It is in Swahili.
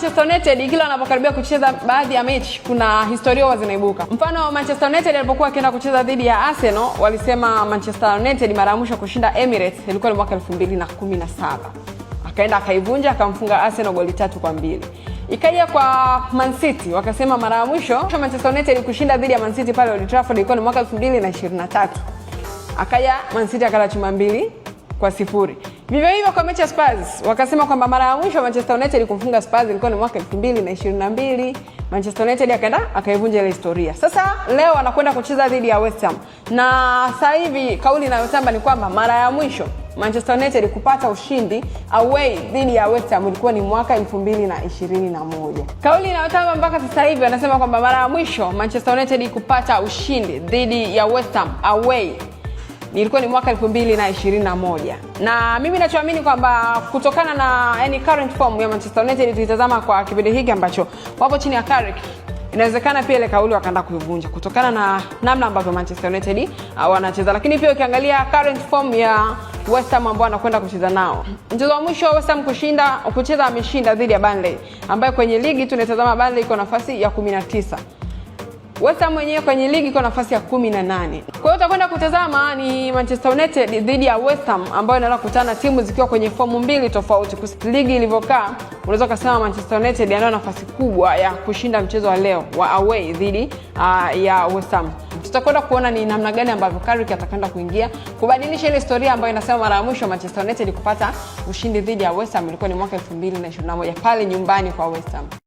Manchester United kila wanapokaribia kucheza baadhi ya mechi kuna historia huwa zinaibuka. Mfano Manchester United alipokuwa akienda kucheza dhidi ya Arsenal, walisema Manchester United mara ya mwisho kushinda Emirates ilikuwa ni mwaka 2017. Akaenda akaivunja akamfunga Arsenal goli tatu kwa mbili. Ikaja kwa Man City wakasema mara ya mwisho Manchester United kushinda dhidi ya Man City pale Old Trafford ilikuwa ni mwaka 2023. Akaja Man City akala chuma mbili kwa sifuri. Vivyo hivyo kwa mechi ya Spurs wakasema kwamba mara ya mwisho Manchester United kufunga Spurs ilikuwa ni mwaka 2022. Manchester United akaenda akaivunja ile historia. Sasa leo anakwenda kucheza dhidi ya West Ham, na sasa hivi kauli inayotamba ni kwamba mara ya mwisho Manchester United kupata ushindi away dhidi ya West Ham ilikuwa ni mwaka 2021. Kauli inayotamba mpaka sasa hivi anasema kwamba mara ya mwisho Manchester United kupata ushindi dhidi ya West Ham away ilikuwa ni mwaka 2021 na mimi nachoamini kwamba kutokana na yani current form ya Manchester United tulitazama kwa kipindi hiki ambacho wapo chini ya Carrick inawezekana pia ile kauli wakaenda kuivunja kutokana na namna ambavyo Manchester United uh, wanacheza, lakini pia ukiangalia current form ya West Ham ambao anakwenda kucheza nao. Mchezo wa mwisho West Ham kushinda kucheza ameshinda dhidi ya Burnley ambayo kwenye ligi tunatazama Burnley iko nafasi ya 19. West Ham wenyewe kwenye ligi iko nafasi ya kumi na nane. Kwa hiyo utakwenda kutazama ni Manchester United dhidi ya West Ham ambayo inaenda kukutana timu zikiwa kwenye fomu mbili tofauti. Kwa ligi ilivyokaa, unaweza kusema Manchester United anayo nafasi kubwa ya kushinda mchezo wa leo wa away dhidi uh, ya West Ham. Tutakwenda kuona ni namna gani ambavyo Carrick atakwenda kuingia kubadilisha ile historia ambayo inasema mara ya mwisho Manchester United kupata ushindi dhidi ya West Ham ilikuwa ni mwaka 2021 pale nyumbani kwa West Ham.